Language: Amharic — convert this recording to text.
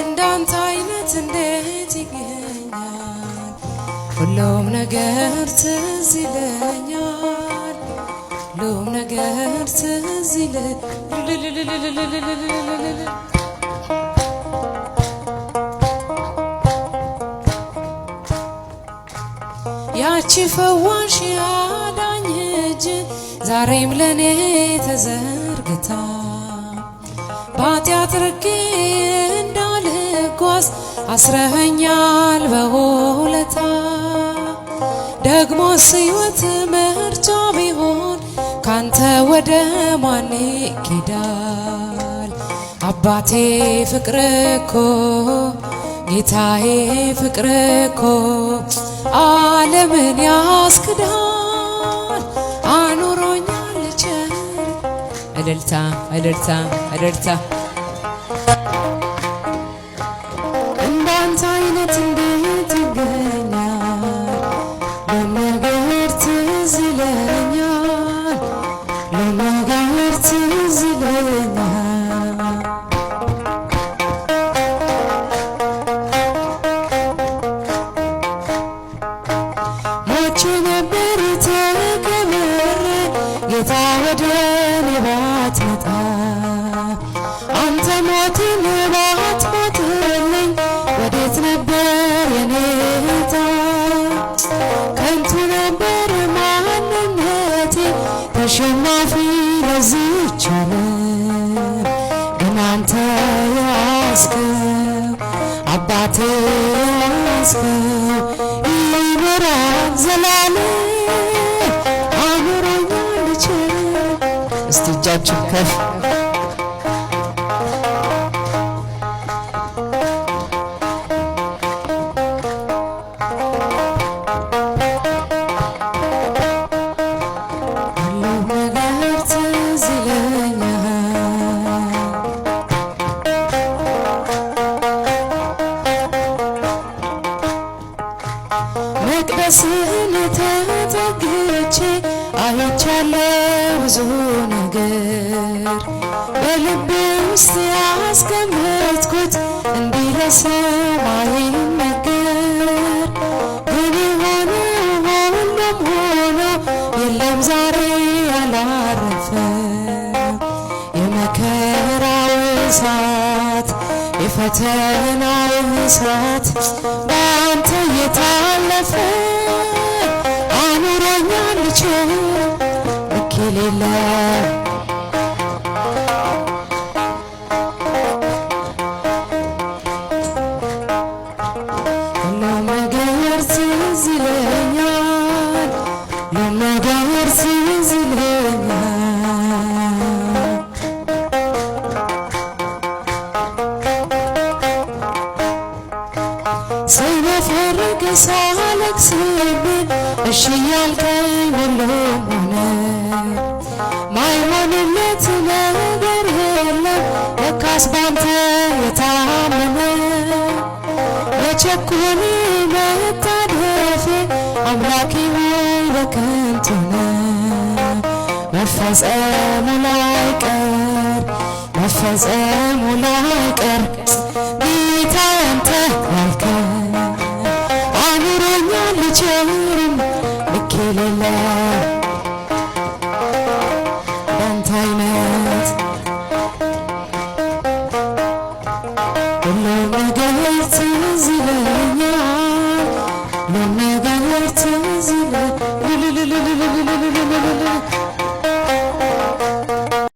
እንዳንተ አይነት እንዴት ይገኛል? ሁሉም ነገር ትዝ ይለኛል፣ ሁሉም ነገር ትዝ ያቺ ፈዋሽ ያዳኝ እጅ ዛሬም ለእኔ ተዘርግታ ባጢአት ርቄ እንዳልጓዝ አስረኸኛል በውለታ ደግሞ ስይወት ምርጫ ቢሆን ካንተ ወደ ማን ይኬዳል? አባቴ ፍቅር እኮ ጌታዬ ፍቅር እኮ ዓለምን ያስክዳል അലർച്ച അലർച്ച അലർച്ച እንዳንተ አይነት እንዴት ይገኛል ለመገር ትዝ ይለኛል ለመገር ትዝ ይለኛል ሞቼ ነበር አሸናፊ ለዝቻለ ግን አንተ ያስከው አባቴ ያስከው ይኖራ ዘላለ አኖረኛ ልችል እስቲ እጃችን ከፍ መቅደስን ተጠግቼ አይቻለሁ ብዙ ነገር በልቤ ውስጥ ያስቀመጥኩት እንዲረሳው ነገር ግን ሆነ ሁሉም ሆኖ የለም ዛሬ ያላረፈ የመከራው የፈተና ብዛት በአንተ የታለፈ አኑረኛ ልችል ልክ የሌለ መናገር ስዝ ይለኛል መናገር ስዝ ይለኛል ሳለቅስብን እሺ ያልከኝ ሁሉም ሆነ። ማይሆንለት ነገር የለም ለካስ ባንተ የታመነ የቸኮለ መታደፌ አምላኬ ሆይ በከንቱ ነው መፈጸሙ ላይቀር መፈጸሙ ላይቀር Ben Taymet Lümme gelir tezile ya Lümme gelir tezile